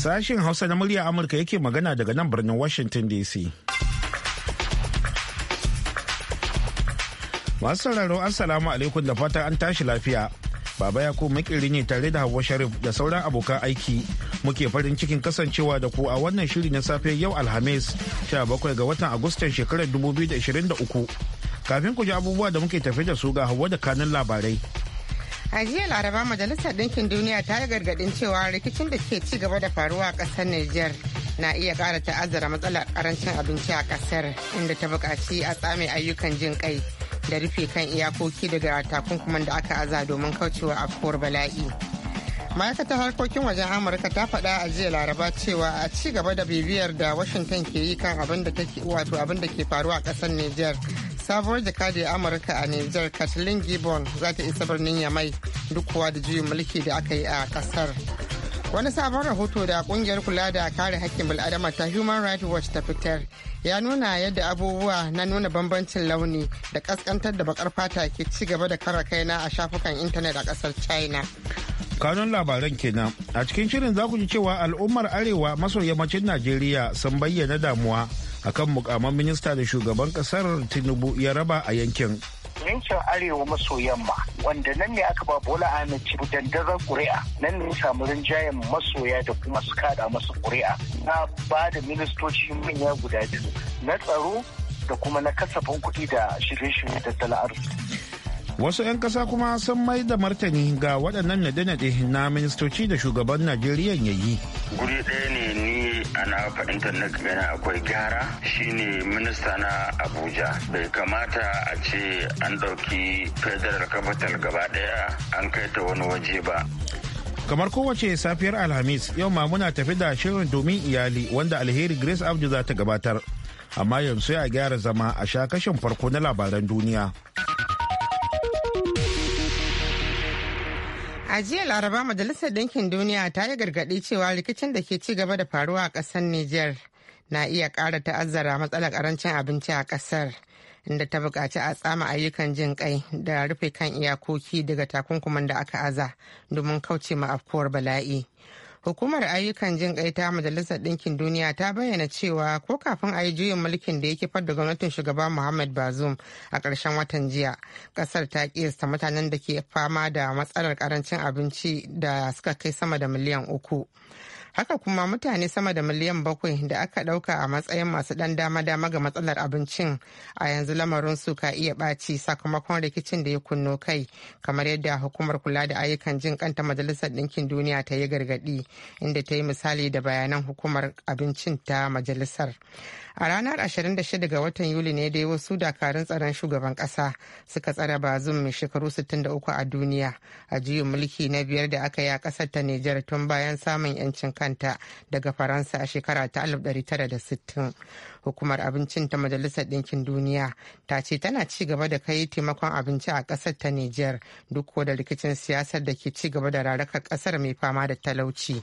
Sashen Hausa na murya Amurka yake magana daga nan birnin Washington DC. Masu sauraro Assalamu alaikum da fatan an tashi lafiya. Baba ya makiri ne tare da Hauwa Sharif da sauran abokan aiki. Muke farin cikin kasancewa da ku a wannan shiri na safe yau Alhamis 17 ga watan Agustan shekarar 2023. Kafin ku ji abubuwa da muke tafi da su ga Hauwa da kanun labarai. a jiya laraba majalisar ɗinkin duniya ta yi gargaɗin cewa rikicin da ke ci gaba da faruwa a ƙasar nijar na iya ƙara ta'azzara matsalar ƙarancin abinci a ƙasar inda ta buƙaci a tsame ayyukan jin kai da rufe kan iyakoki daga takunkuman da aka aza domin kaucewa afkuwar bala'i ma'aikatar harkokin wajen amurka ta faɗa a jiya laraba cewa a ci gaba da bibiyar da washington ke yi kan abin da ke faruwa a ƙasar niger sabuwar jakadiyar amurka a nijar kathleen gibbon za ta isa birnin yamai duk kuwa da juyin mulki da aka yi a kasar wani sabon rahoto da kungiyar kula da kare hakkin bil'adama ta human rights watch ta fitar ya nuna yadda abubuwa na nuna bambancin launi da kaskantar da bakar fata ke ci gaba da kara kaina a shafukan intanet a kasar china kanun labaran kenan a cikin shirin za ku ji cewa al'ummar arewa maso yammacin najeriya sun bayyana damuwa akan mukaman minista da shugaban kasar tinubu ya raba a yankin yankin arewa maso yamma wanda nan ne aka ba bola amince tinubu dandazon kuri'a nan ne samu rinjayen masoya da kuma su kada masu kuri'a na ba da ministoci manya guda biyu na tsaro da kuma na kasafin kuɗi da shirye-shirye tattalin arziki wasu 'yan kasa kuma sun mai da martani ga waɗannan nade-nade na ministoci da shugaban najeriya ya yi guri ɗaya ne ni ana fahimtar na gani akwai gyara shine minista na abuja bai kamata a ce an ɗauki federal capital gaba ɗaya an kai ta wani waje ba kamar kowace safiyar alhamis yau ma muna tafi da shirin domin iyali wanda alheri grace abdu za ta gabatar amma yanzu ya gyara zama a sha kashin farko na labaran duniya. A jiya Laraba Majalisar Ɗinkin Duniya ta yi gargaɗi cewa rikicin da ke ci gaba da faruwa a ƙasar niger na iya ƙara ta'azzara matsalar ƙarancin abinci a ƙasar. Inda ta buƙaci a tsama ayyukan jin ƙai da rufe kan iyakoki daga takunkuman da aka aza domin kauce ma afkuwar bala'i. hukumar ayyukan jin kai ta majalisar ɗinkin duniya ta bayyana cewa ko kafin a yi juyin mulkin da ya fadda da gwamnatin shugaba muhammad bazoum a ƙarshen watan jiya ƙasar ta kiyasta mutanen da ke fama da matsalar ƙarancin abinci da suka kai sama da miliyan uku haka kuma mutane sama da miliyan bakwai da aka ɗauka a matsayin masu ɗan dama-dama ga matsalar abincin a yanzu lamarin su ka iya ɓaci sakamakon rikicin da ya kunno kai kamar yadda hukumar kula da ayyukan jin kanta majalisar ɗinkin duniya ta yi gargaɗi inda ta yi misali da bayanan hukumar abincin ta majalisar a ranar 26 ga watan yuli ne dai wasu dakarun tsaron shugaban kasa suka tsare bazum mai shekaru 63 a duniya a juyin mulki na biyar da aka yi a kasar ta nijar tun bayan samun 'yancin kanta daga faransa a shekara ta 1960 hukumar abincin ta majalisar ɗinkin duniya ta ce tana ci gaba da kai taimakon abinci a ƙasar ta niger duk da rikicin siyasar da ke ci gaba da raraka ƙasar mai fama da talauci.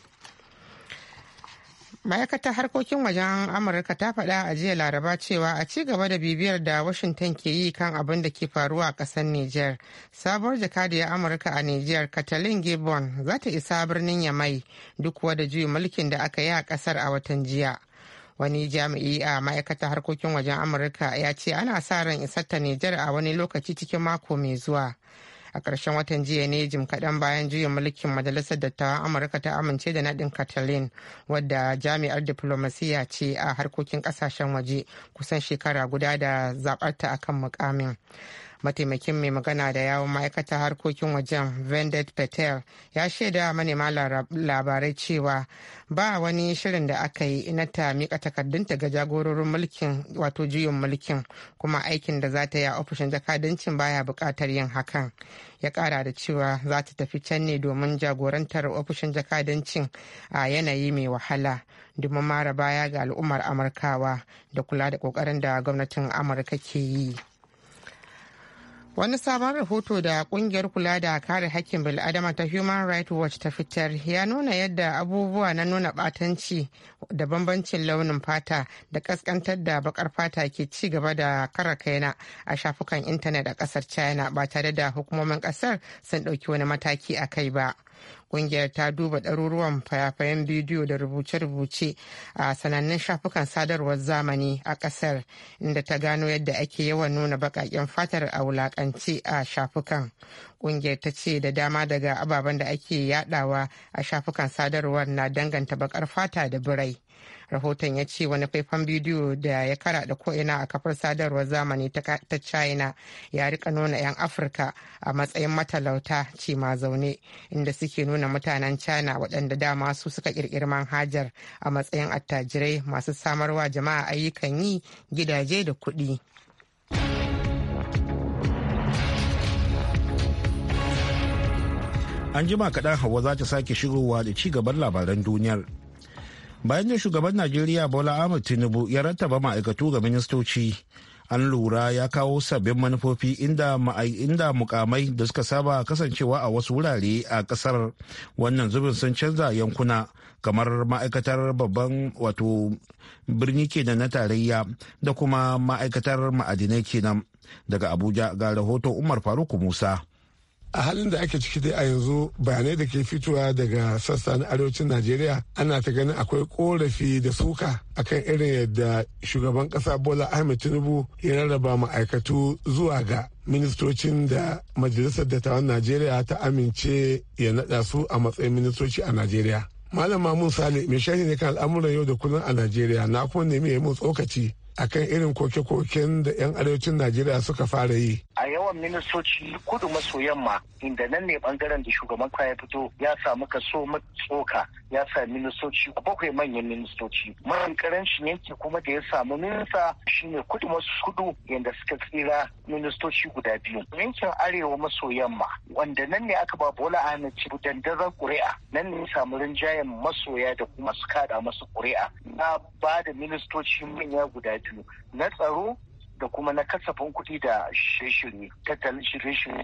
ma'aikatar harkokin wajen amurka ta faɗa a jiya laraba cewa a ci gaba da bibiyar da washington ke yi kan abin da ke faruwa a ƙasar niger sabuwar jakadiyar amurka a niger katalin gibbon za ta isa birnin yamai duk da juyin mulkin da aka yi a ƙasar a watan jiya wani jami'i a ma'aikatar harkokin wajen amurka ya ce ana sa ran isar ta niger a wani lokaci cikin mako mai zuwa a ƙarshen watan jiya ne jim kaɗan bayan juyin mulkin majalisar dattawan amurka ta amince da naɗin catalin wadda jami'ar diplomasiya ce a harkokin ƙasashen waje kusan shekara guda da zaɓarta akan mukamin. mataimakin mai magana da yawon ma'aikatar harkokin wajen vendet patel ya shaida manema labarai cewa ba wani shirin da aka yi na ta mika takardunta ga jagororin mulkin wato juyin mulkin kuma aikin da za ta yi a ofishin jakadancin baya bukatar yin hakan ya kara da cewa za ta tafi can ne domin jagorantar ofishin jakadancin a yanayi mai wahala domin mara baya ga al'ummar amurkawa da kula da kokarin da gwamnatin amurka ke yi. Wani sabon rahoto da kungiyar kula da kare hakkin bil'adama ta Human Rights Watch ta fitar ya nuna yadda abubuwa na nuna batanci da bambancin launin fata da kaskantar da bakar fata ke ci gaba da kara kaina a shafukan intanet a kasar China ba tare da hukumomin kasar sun ɗauki wani mataki a kai ba. Ƙungiyar ta duba ɗaruruwan fayafayan bidiyo da rubuce-rubuce a sanannun shafukan sadarwar zamani a ƙasar inda ta gano yadda ake yawan nuna baƙaƙen fatar a wulaƙance a shafukan. Ƙungiyar ta ce da dama daga ababen da ake yadawa a shafukan sadarwar na danganta baƙar fata da birai. rahoton ya ce wani faifan bidiyo da ya kara da ko'ina a kafar sadarwar zamani ta china ya rika nuna 'yan afirka a matsayin matalauta ce ma zaune inda suke nuna mutanen china waɗanda dama su suka ƙirƙiri manhajar a matsayin attajirai masu samarwa jama'a ayyukan yi gidaje da kuɗi. an jima kaɗan hawa za ta sake shigowa da ci gaban labaran duniyar bayan da shugaban najeriya bola ahmed tinubu ya rattaba ma'aikatu ga ministoci an lura ya kawo sabbin manufofi inda mukamai da suka saba kasancewa a wasu wurare a kasar wannan zubin sun canza yankuna kamar ma'aikatar babban wato birni kenan na tarayya da kuma ma'aikatar ma'adinai kenan daga abuja ga rahoton umar faruk musa a halin da ake ciki dai a yanzu bayanai da ke fitowa daga sassa na arewacin najeriya ana ta ganin akwai korafi da suka akan irin yadda shugaban kasa bola ahmed tinubu ya rarraba ma'aikatu zuwa ga ministocin da majalisar dattawan najeriya ta amince ya naɗa su a matsayin ministoci a najeriya malam mamun sale mai shahi ne kan al'amuran yau da kullum a najeriya na kuma nemi ya mun tsokaci akan irin koke-koken da 'yan arewacin najeriya suka fara yi a yawan ministoci kudu maso yamma inda nan ne bangaren da shugaban ya fito ya samu kaso tsoka ya sa ministoci bakwai manyan ministoci maran ne yanki kuma da ya samu minista shine kudu maso kudu yadda suka tsira ministoci guda biyu yankin arewa maso yamma wanda nan ne aka ba bola ahmed ci dandazon kuri'a nan ne samu rinjayen masoya da kuma su kada masu kuri'a na ba da ministoci manya guda na tsaro da kuma na kasafin kuɗi da shirye-shirye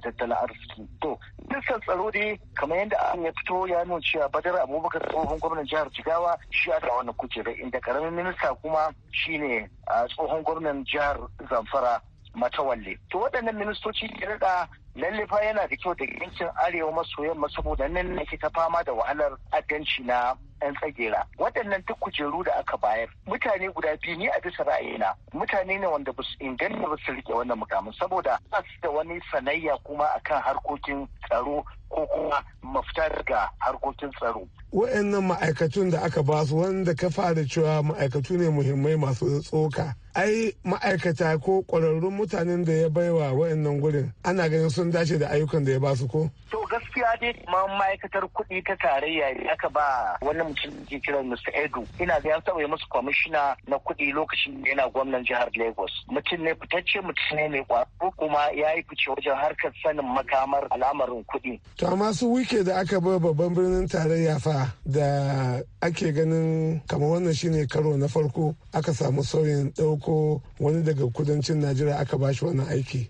tattalin arziki. To, nisan tsaro dai kamar yadda an ya fito ya nuna cewa Badar Abubakar tsohon gwamnan jihar Jigawa shi a da wannan kujera inda karamin minista kuma shine tsohon gwamnan jihar Zamfara matawalle. To waɗannan ministoci ya rada lalle fa yana da kyau da yankin arewa maso yamma saboda nan nake ta fama da wahalar addanci na 'yan tsagera waɗannan duk kujeru da aka bayar mutane guda biyu ne a bisa ra'ayina mutane ne wanda ba su inganta ba su rike wannan mukamin saboda ba su da wani sanayya kuma akan harkokin tsaro ko kuma mafita daga harkokin tsaro. Wa'annan ma'aikatun da aka ba su wanda ka fara cewa ma'aikatu ne muhimmai masu tsoka. Ai ma'aikata ko ƙwararrun mutanen da ya baiwa wa'annan gurin ana ganin sun dace da ayyukan da ya ba su ko? To gaskiya dai ma ma'aikatar kuɗi ta tarayya ne aka ba wani mutum ke kira Mr. Edu ina ga ya taɓa yi musu kwamishina na kuɗi lokacin da yana gwamnan jihar Lagos mutum ne fitacce mutum ne mai kwaro kuma ya yi fice wajen harkar sanin makamar al'amarin kuɗi. To amma su wike da aka ba babban birnin tarayya fa da ake ganin kamar wannan shine karo na farko aka samu sauyin ɗauko wani daga kudancin Najeriya aka ba shi wannan aiki.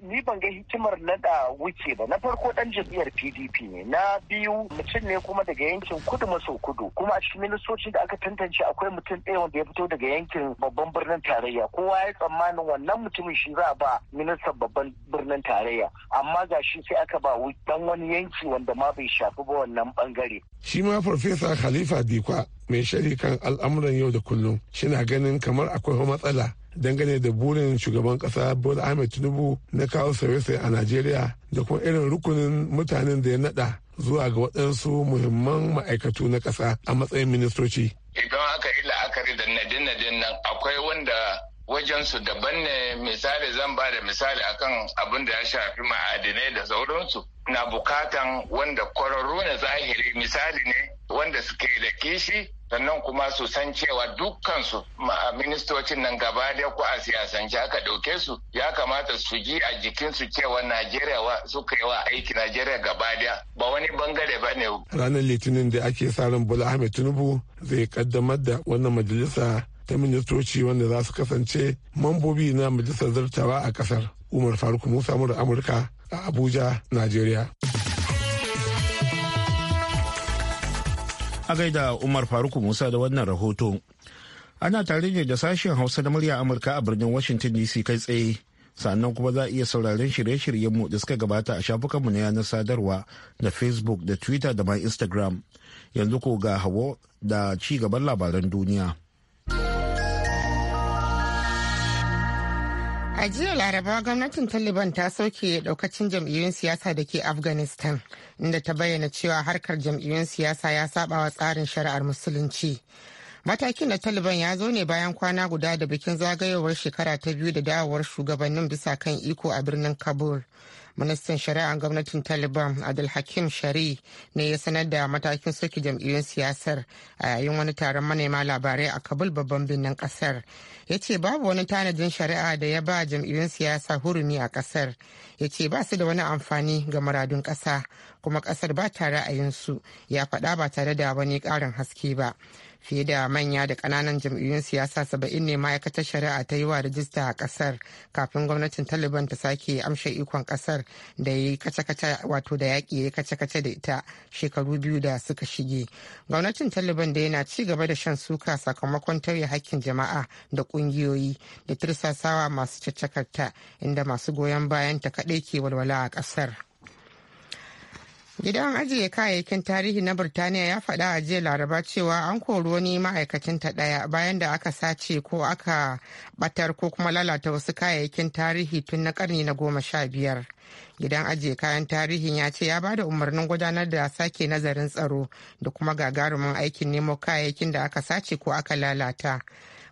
ni ban ga hikimar nada wuce ba na farko dan jam'iyyar pdp ne na biyu mutum ne kuma daga yankin kudu maso kudu kuma a cikin ministoci da aka tantance akwai mutum ɗaya wanda ya fito daga yankin babban birnin tarayya kowa ya tsammanin wannan mutumin shi za a ba ministan babban birnin tarayya amma ga shi sai aka ba dan wani yanki wanda ma bai shafi ba wannan bangare. shi ma farfesa khalifa dikwa mai shari kan al'amuran yau da kullum shina ganin kamar akwai matsala dangane da burin shugaban kasa Bol ahmed tinubu na kawo sauye a najeriya da kuma irin rukunin mutanen da ya nada zuwa ga waɗansu muhimman ma'aikatu na ƙasa a matsayin ministoci idan aka yi la'akari da nadin-nadin nan akwai wanda wajensu daban ne misali zan ba da misali akan abin da ya shafi ma'adinai da sauransu na bukatan wanda kwararru na zahiri misali ne wanda suke da kishi sannan kuma su san cewa dukkansu ministocin nan gaba da ku a siyasance aka dauke su ya kamata su ji a jikinsu cewa Najeriya suka yi wa aiki Najeriya gaba da ba wani bangare ba ne. Ranar Litinin da ake sa ran Bola Ahmed Tinubu zai kaddamar da wannan majalisa ta ministoci wanda za su kasance mambobi na majalisar zartawa a kasar. Umar Faruk Musa Amurka a Abuja, Najeriya. a gaida umar faruku musa da wannan rahoto ana tare ne da sashen hausa da murya amurka a birnin washington dc kai tsaye sannan kuma za a iya sauraren shirye-shiryenmu da suka gabata a shafukanmu na yanar sadarwa da facebook da twitter da ma instagram yanzu ko ga hawo da ci gaban labaran duniya. A jiya Laraba gwamnatin Taliban ta soke daukacin jam'iyyun siyasa da ke Afghanistan inda ta bayyana cewa harkar jam'iyyun siyasa ya sabawa tsarin shari'ar musulunci. Matakin da Taliban ya zo ne bayan kwana guda da bikin zagayowar shekara ta biyu da dawowar shugabannin bisa kan iko a birnin Kabul. ministan shari'a gwamnatin taliban abdulhakim shari ne ya sanar da matakin soke jam'iyyun siyasar a yayin wani taron manema labarai a kabul babban birnin kasar ya ce babu wani tanadin shari'a da ya ba jam'iyyun siyasa hurumi a kasar ya ce ba su da wani amfani ga muradun kasa kuma kasar ba tare a su ya faɗa ba tare da wani ƙarin haske ba fiye da manya da kananan jam'iyyun siyasa saba'in ne ma'aikatar shari'a ta yi wa rajista a kasar kafin gwamnatin taliban ta sake amshe ikon kasar da ya yi kace-kace wato da yaƙi ya yi kace-kace da ita shekaru biyu da suka shige gwamnatin taliban da yana ci gaba da shan suka sakamakon tauye hakkin jama'a da ƙungiyoyi da tirsasawa masu caccakarta inda masu goyon bayan ta kaɗai ke walwala a kasar. Gidan ajiye kayayyakin tarihi na Birtaniya ya faɗa a jiya Laraba cewa an kori wani ma'aikacinta ɗaya bayan da aka sace ko aka ɓatar ko kuma lalata wasu kayayyakin tarihi tun na ƙarni na goma sha biyar. Gidan ajiye kayan tarihin ya ce ya ba da umarnin gudanar da sake nazarin tsaro da kuma gagarumin aikin nemo kayayyakin da aka sace ko aka lalata.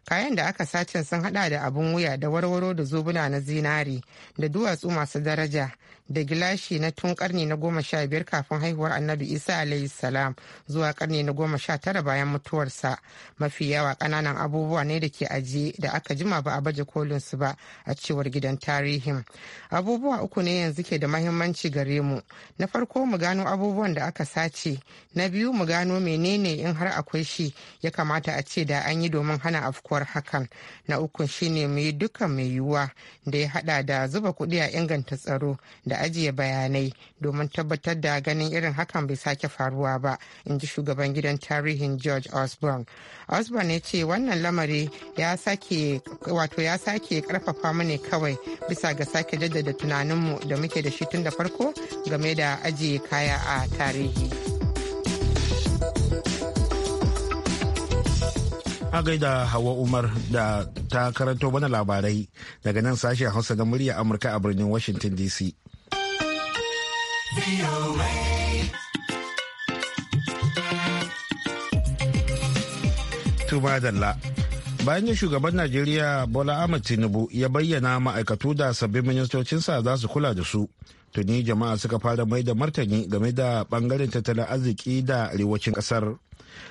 kayan da aka sace sun haɗa da abin wuya da warwaro da zobuna na zinari da duwatsu masu daraja da gilashi na tun karni na goma sha biyar kafin haihuwar annabi isa alayhi salam zuwa karni na goma sha tara bayan mutuwarsa mafi yawa kananan abubuwa ne da ke ajiye da aka jima ba a baje kolin su ba a cewar gidan tarihin abubuwa uku ne yanzu ke da mahimmanci gare mu na farko mu gano abubuwan da aka sace na biyu mu gano menene in har akwai shi ya kamata a ce da an yi domin hana afkuwar hakan na uku shine mu yi dukkan mai yiwuwa da ya hada da zuba kuɗi a inganta tsaro da ajiye bayanai domin tabbatar da ganin irin hakan bai sake faruwa ba in ji shugaban gidan tarihin george osborne osborne ya ce wannan lamari ya sake wato ya sake karfafa mu ne kawai bisa ga sake jaddada tunaninmu da muke da shi tun da farko game da ajiye kaya a tarihi a gaida hawa umar da ta karanto mana labarai daga nan sashen hausa na murya amurka a birnin washington dc Tuma Dalla. Bayan yin shugaban Najeriya Bola Ahmed Tinubu ya bayyana ma'aikatu da sabbin ministocinsa za su kula da su. Tuni jama'a suka fara mai da martani game da bangaren tattalin arziki da arewacin kasar.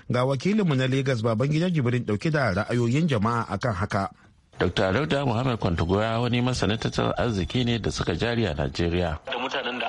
Ga wakilinmu na Legas baban gidan Jibrin dauke da ra'ayoyin jama'a akan haka. Dr. Dauda Muhammad Kwantagoya wani masanin tattalin arziki ne da suka jari a Najeriya.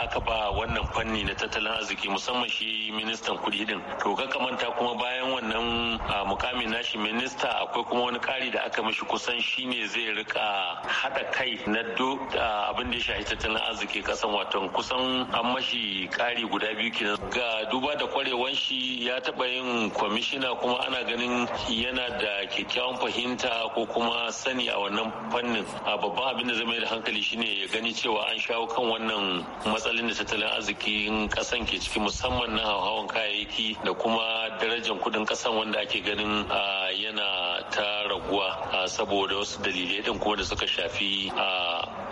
aka ba wannan fanni na tattalin arziki musamman shi ministan kuɗi din to ka manta kuma bayan wannan mukamin nashi minista akwai kuma wani kari da aka mishi kusan shine zai rika haɗa kai na duk abin da ya shafi tattalin arziki kasan wato kusan an mashi kari guda biyu kenan ga duba da kwarewan shi ya taba yin kwamishina kuma ana ganin yana da kyakkyawan fahimta ko kuma sani a wannan fannin a babban abin da zai mai da hankali shine ya gani cewa an shawo kan wannan matsalin da tattalin arzikin kasan ke ciki musamman na hauhawan kayayyaki da kuma darajar kudin kasan wanda ake ganin yana ta raguwa saboda wasu dalilai din kuma da suka shafi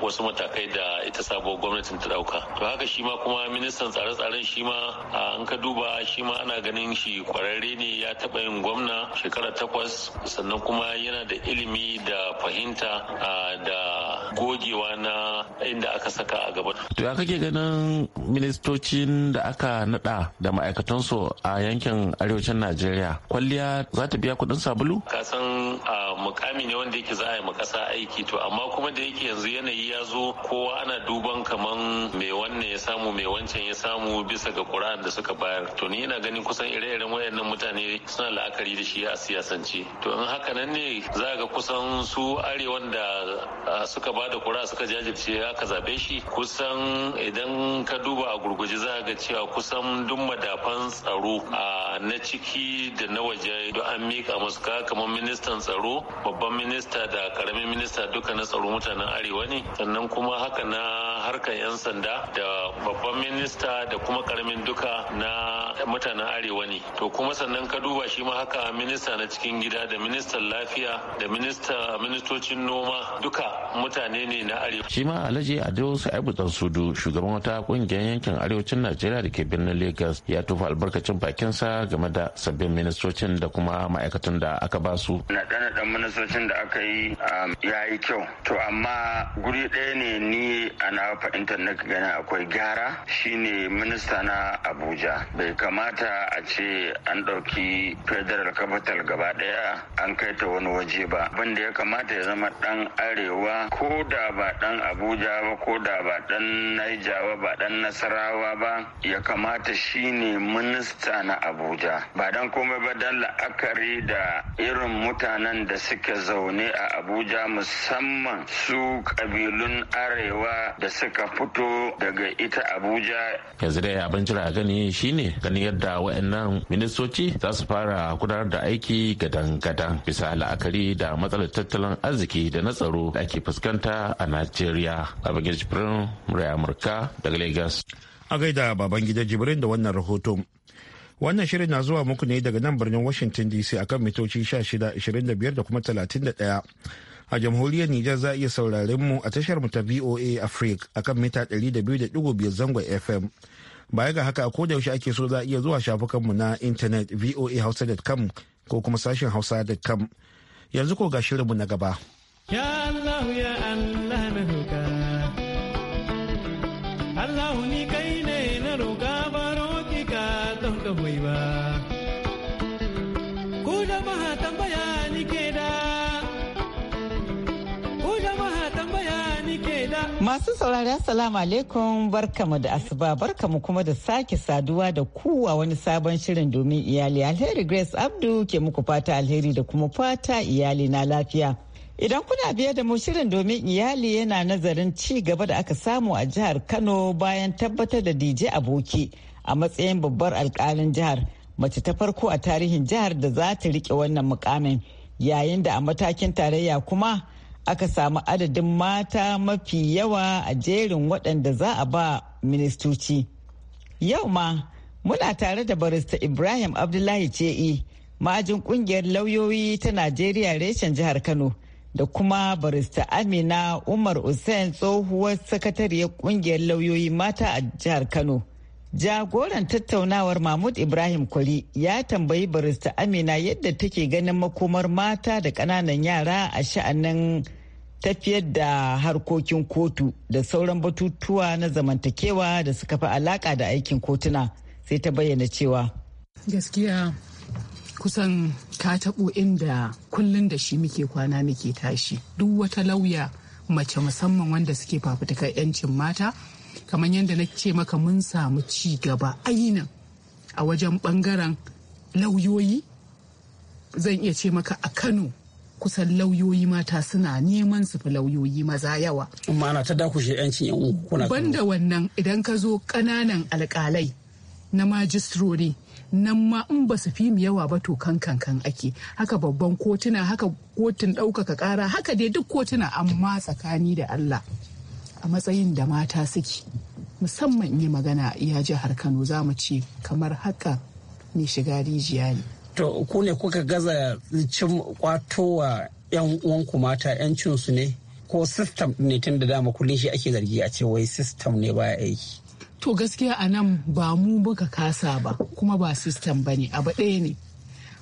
wasu matakai da ita sabuwar gwamnatin ta dauka to haka shi ma kuma ministan tsare-tsaren shi ma an ka duba shi ma ana ganin shi kwararre ne ya taba yin gwamna shekara takwas sannan kuma yana da ilimi da fahimta da gogewa na inda aka saka a gaba to ya kake ganin sauran ministocin da aka nada da ma'aikatansu a yankin arewacin najeriya kwalliya za ta biya kuɗin sabulu ka san mukami ne wanda yake za a yi makasa aiki to amma kuma da yake yanzu yanayi ya zo kowa ana duban kaman mai wannan ya samu mai wancan ya samu bisa ga ƙura'an da suka bayar to ni ina ganin kusan ire-iren wayannan mutane suna la'akari da shi a siyasance to in haka nan ne za ga kusan su arewan da suka ba da ƙura suka jajirce aka zaɓe shi kusan idan ka duba a gurguje za ga cewa kusan duk madafan tsaro a na ciki da na waje duk an mika musu ka kamar ministan tsaro babban minista da karamin minista duka na tsaro mutanen arewa ne sannan kuma haka na harkar 'yan sanda da babban minista da kuma karamin duka na mutanen arewa ne to kuma sannan ka duba shi ma haka minista na cikin gida da ministan lafiya da minista ministocin noma duka mutane ne na arewa shi ma alhaji ado sa'ibu dan sudu shugaban wata kungiyar yankin arewacin najeriya da ke birnin lagos ya tufa albarkacin bakinsa game da sabbin ministocin da kuma ma'aikatan da aka ba su naɗe-naɗen ministocin da aka yi um, ya yi kyau to amma guri ɗaya ne ni a na fahimtar intanet gani akwai gyara shine minista na abuja bai kamata a ce an ɗauki federal capital gaba ɗaya an kai ta wani waje ba abinda ya kamata ya zama ɗan arewa ko da ba ɗan abuja ba ko da ba ɗan naijawa ba ɗan nasarawa ba ya kamata shine minista na abuja ba dan komai ba dan la'akari da irin mutanen da suke zaune a abuja musamman su kabilun arewa da ka fito daga ita abuja yanzu dai abin jira a gani shine ganin yadda wa'annan ministoci za su fara gudanar da aiki gadan-gadan bisa la'akari da matsalar tattalin arziki da na tsaro da ake fuskanta a nigeria babangida jibrin murai amurka daga lagos a gaida babangida jibrin da wannan rahoto wannan shirin na zuwa muku ne daga nan birnin washington dc akan mitoci 16 25 da kuma 31 a jamhuriyar Nijar za a iya sauraren mu a tashar mu ta VOA Africa akan mita 200.5 zangon FM. Baya ga haka ko da yaushe ake so za a iya zuwa shafukan mu na intanet voahausa.com ko kuma sashen hausa.com. Yanzu ko ga shirinmu na gaba. Ya Allah ya Allah na roka. Allah ni kai ne na roka baro ki ka don ka ba. Ku da Masu saurari Assalamu alaikum barkamu da asuba barkamu kuma da sake saduwa da kuwa wani sabon shirin domin iyali alheri Grace Abdu ke muku fata alheri da kuma fata iyali na lafiya. Idan kuna biye da mu shirin domin iyali yana nazarin ci gaba da aka samu a jihar Kano bayan tabbatar da DJ Aboki a matsayin babbar alkalin jihar mace ta farko a tarihin jihar da za ta rike wannan mukamin yayin da a matakin tarayya kuma aka samu adadin mata mafi yawa a jerin waɗanda za a ba ministoci. Yau ma muna tare da barista Ibrahim Abdullahi Ce'i ma'ajin ƙungiyar lauyoyi ta Najeriya reshen jihar Kano da kuma barista Amina Umar Hussein tsohuwar sakatariyar ƙungiyar lauyoyi mata a jihar Kano. Jagoran tattaunawar Mahmud Ibrahim Kwari ya tambayi barista Amina yadda take ganin makomar mata da ƙananan yara a sha'anin tafiyar da harkokin kotu da sauran batutuwa na zamantakewa da suka fi alaka da aikin kotuna sai ta bayyana cewa gaskiya kusan ka taɓo inda kullum da shi muke kwana muke tashi duk wata lauya mace musamman wanda suke fafutukar 'yancin mata kamar yadda na ce maka mun samu ci gaba ainihin a wajen bangaren lauyoyi zan iya ce maka a kano kusan lauyoyi mata suna neman su fi lauyoyi maza yawa. Ma'ana ta dakushe 'yancin yan uku. Banda wannan idan ka zo ƙananan alƙalai na majistrori nan ma in ba su fi mu yawa ba to kan kankan ake haka babban kotuna haka kotun ɗaukaka ƙara haka dai duk kotuna amma tsakani da Allah a matsayin da mata suke musamman yi magana iya jihar Kano za mu ce kamar haka mai shiga rijiya ne. to ku ne kuka gaza cin kwatowa yan uwanku mata yancin su ne ko system ne tun da dama kullum shi ake zargi a ce wai system ne ba aiki to gaskiya a nan ba mu muka kasa ba kuma ba system ba ne abu ɗaya ne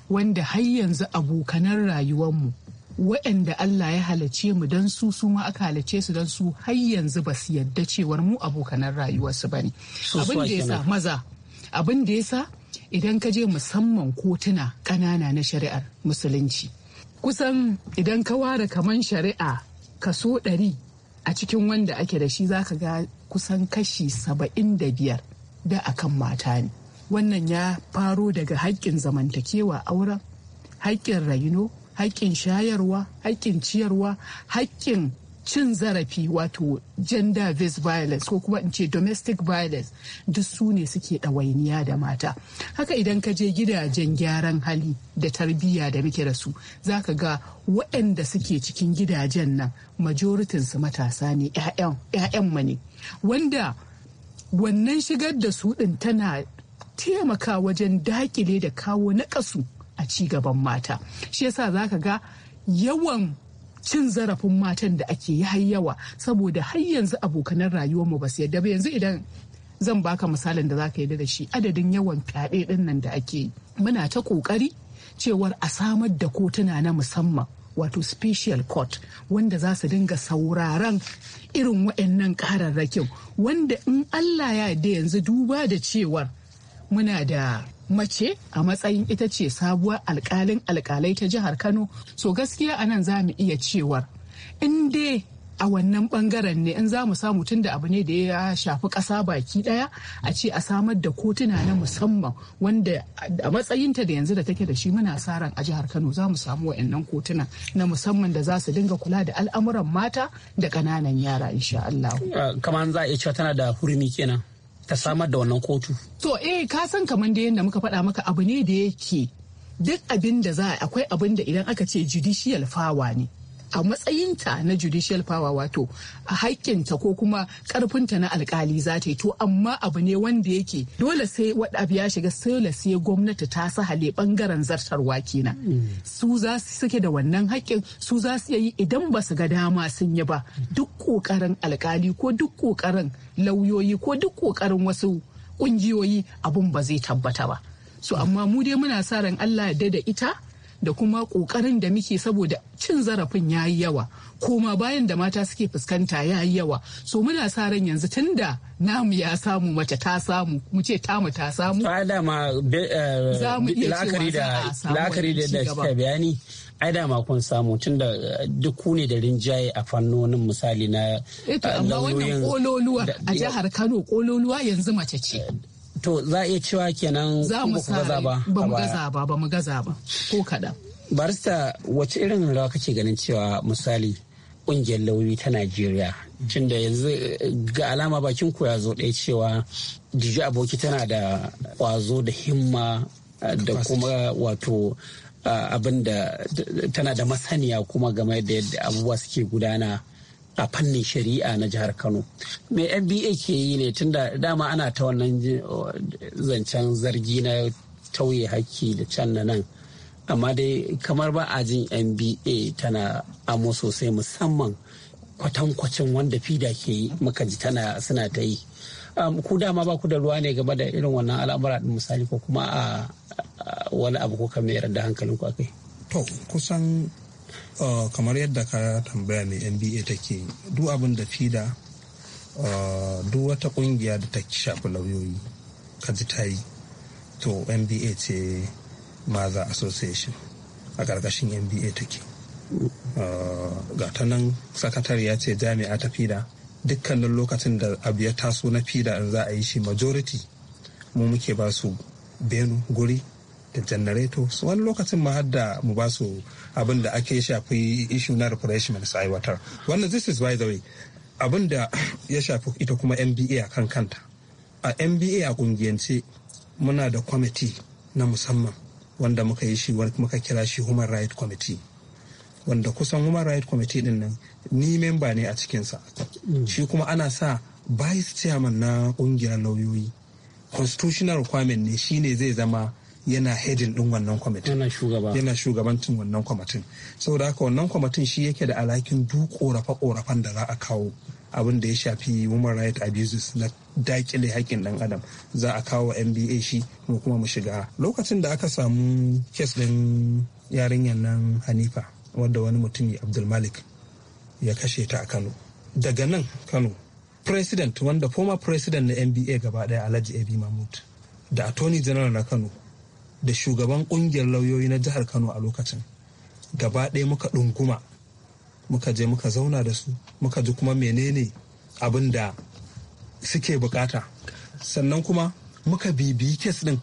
wanda har yanzu abokanan rayuwarmu waɗanda Allah ya halace mu don su su ma aka halace su don su har yanzu ba su yadda cewar mu abokanan rayuwarsu ba ne abin da ya maza abin da ya sa idan ka je musamman kotuna ƙanana na shari'ar musulunci kusan idan ka ware kaman shari'a kaso ɗari a cikin wanda ake da shi za ka ga kusan kashi saba'in da biyar da akan mata ne wannan ya faro daga haƙƙin zamantakewa auren haƙƙin raino haƙƙin shayarwa haƙƙin ciyarwa haƙƙin cin zarafi wato gender based violence ko kuma in ce domestic violence duk su ne suke ɗawainiya da mata haka idan ka je gidajen gyaran hali da tarbiyya da muke da su za ka ga waɗanda suke cikin gidajen nan majoritin su matasa ne 'ya'yan mani wanda wannan shigar da su ɗin tana taimaka wajen dakile da kawo naƙasu a ci gaban mata shi yasa za ka ga yawan cin zarafin matan da ake yi har yawa saboda har yanzu abokanan rayuwar mu ba su yadda ba yanzu idan zan baka misalin da zaka yi da shi adadin yawan fyaɗe din nan da ake yi muna ta kokari cewar a samar da kotuna na musamman wato special court wanda za su dinga sauraron irin waɗannan kararrakin wanda in Allah ya yarda yanzu duba da cewar muna da mace a matsayin ita ce sabuwar alkalin alkalai ta jihar kano so gaskiya a nan za mu iya cewar in dai a wannan bangaren ne in za mu samu tun da abu ne da ya shafi ƙasa baki ɗaya a ce a samar da kotuna na musamman wanda a matsayinta da yanzu da take da shi muna sa ran a jihar kano za mu samu wa'annan kotuna na musamman da za su dinga kula da al'amuran mata da ƙananan yara insha Allah. kamar za a iya cewa tana da hurumi kenan. ta samar da wannan kotu. To eh ka san kamar da yadda muka faɗa maka abu ne da yake duk abin da za akwai abin da idan aka ce judicial fawa ne a matsayinta na judicial power wato a haƙƙinta ko kuma ƙarfinta na alƙali za ta yi to amma abu ne wanda yake dole sai wada abu ya shiga dole sai gwamnati ta sahale bangaren zartarwa kenan su za su suke da wannan haƙƙin su za su yi idan ba su ga dama sun yi ba duk ƙoƙarin alƙali, ko duk ƙoƙarin lauyoyi ko duk ƙoƙarin wasu ƙungiyoyi abun ba zai tabbata ba so amma mu dai muna sa ran Allah ya da ita da kuma kokarin da muke saboda cin zarafin ya yi yawa koma bayan da mata suke fuskanta ya yi yawa so muna sa ran yanzu tunda namu ya samu mace ta samu mu ce tamu ta samu eh, a dama la'akari da la'akari da da bayani ai dama kun samu tun da eh, duk ku ne da rinjaye a fannonin misali na lauyoyin. Eh amma wannan kololuwa a jihar Kano kololuwa yanzu mace ce. to za a iya cewa kenan ba mu gaza ba ba mu gaza ba ba mu gaza ba ko kada barista wace irin rawa kake ganin cewa misali kungiyar lauyi ta najeriya tunda yanzu ga alama bakin ku ya zo ɗaya cewa jiji aboki tana da kwazo da himma eh, da kuma wato eh, abin tana da masaniya kuma game da yadda abubuwa suke gudana a fannin shari'a na jihar kano me fba ke yi ne tunda dama ana ta wannan zancen zargi na tauye haƙƙi da can na nan amma dai kamar ba a jin nba tana amo sosai musamman kwatankwacin wanda fida ke yi muka ji tana suna ta yi ku dama ba ku da ruwa ne game da irin wannan al'amura din misali ko kuma a wani abu ko kamar yarda ku akai to kusan Eh, kamar yadda ka tambaya mai nba take du abin da fida eh, du wata kungiya da ta shafi lauyoyi ka ji ta yi to nba ce maza association a ƙarƙashin nba take eh, ga ta nan sakatariya ce jami'a ta fida dukkanin lokacin da abu ya taso na fida in za a yi shi majority mu muke ba su benu guri da janareto wani lokacin ma hadda mu ba su abin da ake shafi ishu na refreshment su aiwatar wannan this is by the way abin da ya shafi ita kuma mba a kan kanta a mba a kungiyance muna da kwamiti na musamman wanda muka yi shi muka kira shi human right committee wanda kusan human right committee din nan ni memba ne a cikinsa mm. shi kuma ana sa vice chairman na kungiyar lauyoyi constitutional requirement ne shine zai zama yana hedin din wannan kwamitin yana shugabancin wannan kwamitin saboda haka wannan kwamitin shi yake da alhakin duk korafe-korafen da za a kawo abin da ya shafi human rights abuses na dakile haƙƙin ɗan adam za a kawo nba shi mu kuma mu shiga lokacin da aka samu kes ɗin yarinyar nan hanifa wadda wani mutumi abdulmalik ya kashe ta a kano daga nan kano president wanda former president na nba gaba ɗaya alhaji abi mahmud da attorney general na kano da shugaban kungiyar lauyoyi na jihar kano a lokacin gaba ɗaya muka ɗunguma muka je muka zauna da su muka ji kuma menene abin da suke bukata sannan kuma muka bibiyi kes ɗin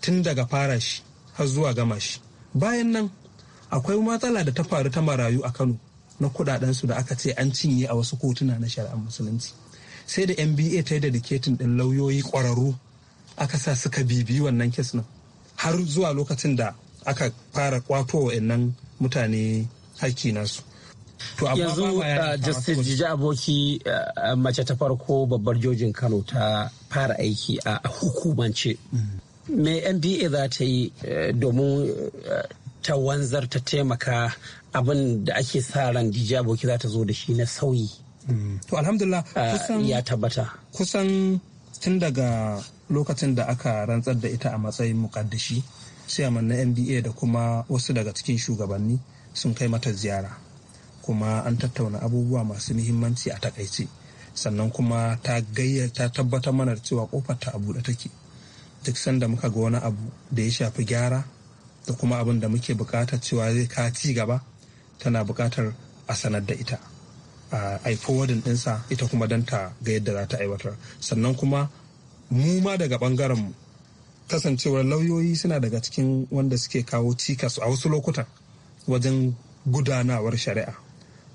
tun daga fara shi har zuwa gama shi bayan nan akwai matsala da ta faru ta marayu a kano na su da aka ce an cinye a wasu kotuna na shari'ar musulunci sai da nba ta yi da diketin ɗin lauyoyi ƙwararru aka sa suka bibiyi wannan kes nan har zuwa lokacin da aka fara kwato wa'annan mutane haƙƙi nasu yanzu uh, justice jiji aboki uh, uh, mace ta farko babbar jojin kano ta fara aiki a hukumance mm. me nda za ta yi domin ta wanzar ta taimaka abin da ake sa ran dija aboki za ta zo da shi na sauyi mm. to alhamdulillah ya tabbata kusan tun daga lokacin da aka rantsar da ita a matsayin mukaddashi chairman na nba da kuma wasu daga cikin shugabanni sun kai mata ziyara kuma an tattauna abubuwa masu muhimmanci a takaice sannan kuma ta gayyata tabbatar mana cewa kofar ta a buɗe take duk sanda muka ga wani abu da ya shafi gyara da kuma abin da muke buƙatar cewa zai ka ci gaba tana bukatar a sanar da ita a forwarding ɗinsa ita kuma don ta ga yadda za ta aiwatar sannan kuma mu ma daga bangaren mu kasancewar lauyoyi suna daga cikin wanda suke kawo cikas a wasu lokutan wajen gudanawar shari'a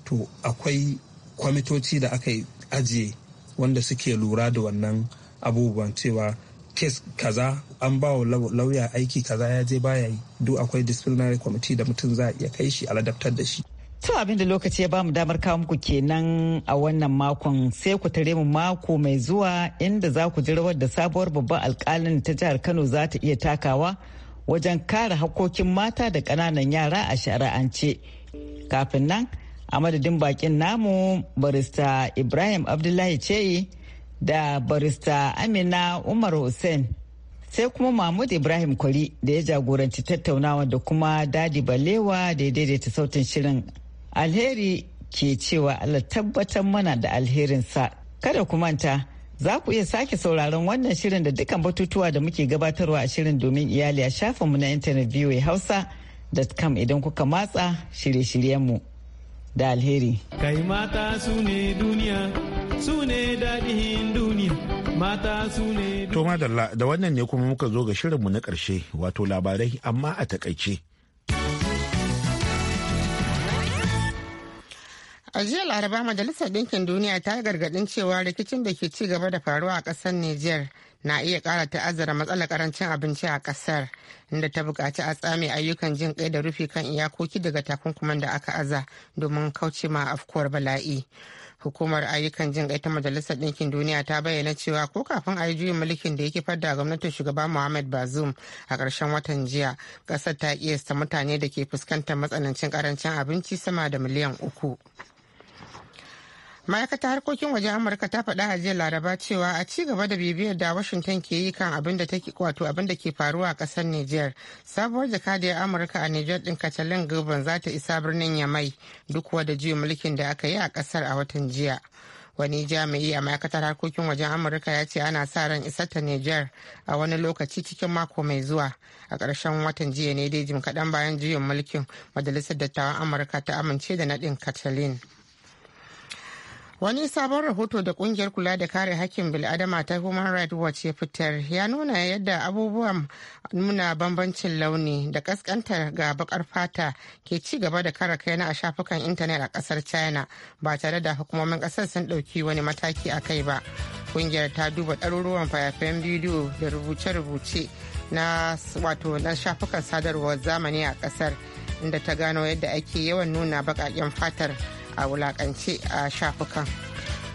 to akwai kwamitoci da aka ajiye wanda suke lura da wannan abubuwan cewa kes kaza an ba wa lauya aiki kaza ya je baya yi duk akwai disciplinary committee da mutum za a iya kai shi a ladabtar da shi To abin da lokaci ya bamu damar kawo muku kenan a wannan makon sai ku tare mu mako mai zuwa inda za ku ji rawar da sabuwar babban alkalin ta jihar Kano za ta iya takawa wajen kare hakkokin mata da kananan yara a shari'ance. Kafin nan a madadin bakin namu barista Ibrahim Abdullahi ce da barista Amina Umar Hussein sai kuma mahmud ibrahim kwari da ya jagoranci tattaunawa da kuma dadi balewa da ya daidaita sautin shirin Alheri ke cewa Allah tabbatar mana da alherinsa. Kada ku manta, za ku iya sake sauraron wannan shirin da dukkan batutuwa da muke gabatarwa a shirin domin iyali a shafinmu na intanet voa kam idan kuka matsa shirye-shiryenmu da alheri. Kai mata su ne duniya, su ne daɗin duniya, mata su ne. da wannan ne kuma muka zo ga shirinmu na ƙarshe wato labarai amma a takaice. A jiya Laraba Majalisar Ɗinkin Duniya ta yi gargaɗin cewa rikicin da ke ci gaba da faruwa a ƙasar Nijar na iya ƙara ta'azzara matsalar ƙarancin abinci a ƙasar inda ta buƙaci a tsame ayyukan jin kai da rufi kan iyakoki daga takunkuman da aka aza domin kauce ma afkuwar bala'i. hukumar ayyukan jin ta majalisar dinkin duniya ta bayyana cewa ko kafin a yi juyin mulkin da yake fadda a gwamnatin shugaba muhammad bazoum a ƙarshen watan jiya ƙasar ta kiyasta mutane da ke fuskantar matsanancin ƙarancin abinci sama da miliyan uku. ma'aikatar harkokin waje amurka ta faɗa a jiya laraba cewa a ci gaba da bibiyar da washington ke yi kan abin da take wato abin da ke faruwa a ƙasar niger sabuwar jakadiyar amurka a niger din katalin gilban za ta isa birnin yamai duk wada juyin mulkin da aka yi a ƙasar a watan jiya wani jami'i a ma'aikatar harkokin wajen amurka ya ce ana sa ran isar ta niger a wani lokaci cikin mako mai zuwa a ƙarshen watan jiya ne dai jim kaɗan bayan juyin mulkin majalisar dattawan amurka ta amince da naɗin katalin Wani sabon rahoto da kungiyar kula da kare hakkin bil'adama ta Human Rights Watch ya fitar ya nuna yadda abubuwan nuna bambancin launi da kaskantar ga bakar fata ke ci gaba da kare kai na a shafukan intanet a kasar China ba tare da hukumomin kasar sun ɗauki wani mataki a kai ba. Kungiyar ta duba ɗaruruwan fayafayen bidiyo da rubuce-rubuce na wato na shafukan sadarwar zamani a kasar inda ta gano yadda ake yawan nuna baƙaƙen fatar. a wulakance a shafukan.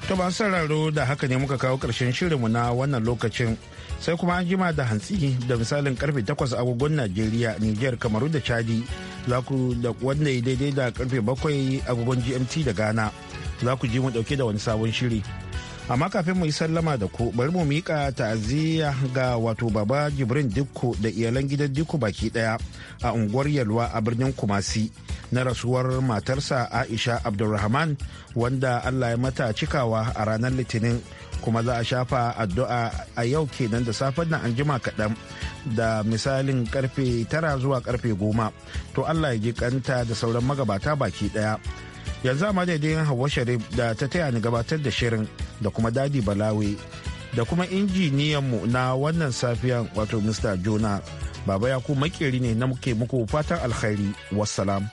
To ba sauraro da haka ne muka kawo ƙarshen shirinmu na wannan lokacin. Sai kuma an jima da hantsi da misalin karfe 8 agogon Najeriya, Nijar, Kamaru da Chadi. Za ku da wanda ya daidai da karfe 7 agogon GMT da Ghana. Za ku ji mu dauke da wani sabon shiri. amma kafin mu yi sallama da ku bari mu miƙa ta'aziyya ga wato baba jibrin dikko da iyalan gidan dikko baki daya a unguwar yalwa a birnin kumasi na rasuwar matarsa aisha abdulrahman wanda allah ya mata cikawa a ranar litinin kuma za a shafa addu'a a yau kenan da safen nan an jima kaɗan da misalin karfe tara zuwa karfe goma to allah ya ji kanta da sauran magabata baki daya yanzu a madadin hawa sharif da ta taya ni gabatar da shirin da kuma dadi balawe da kuma injiniyanmu na wannan safiyan wato mr jona baba ya ku makeri ne na muke muku fatan alkhairi wasalam.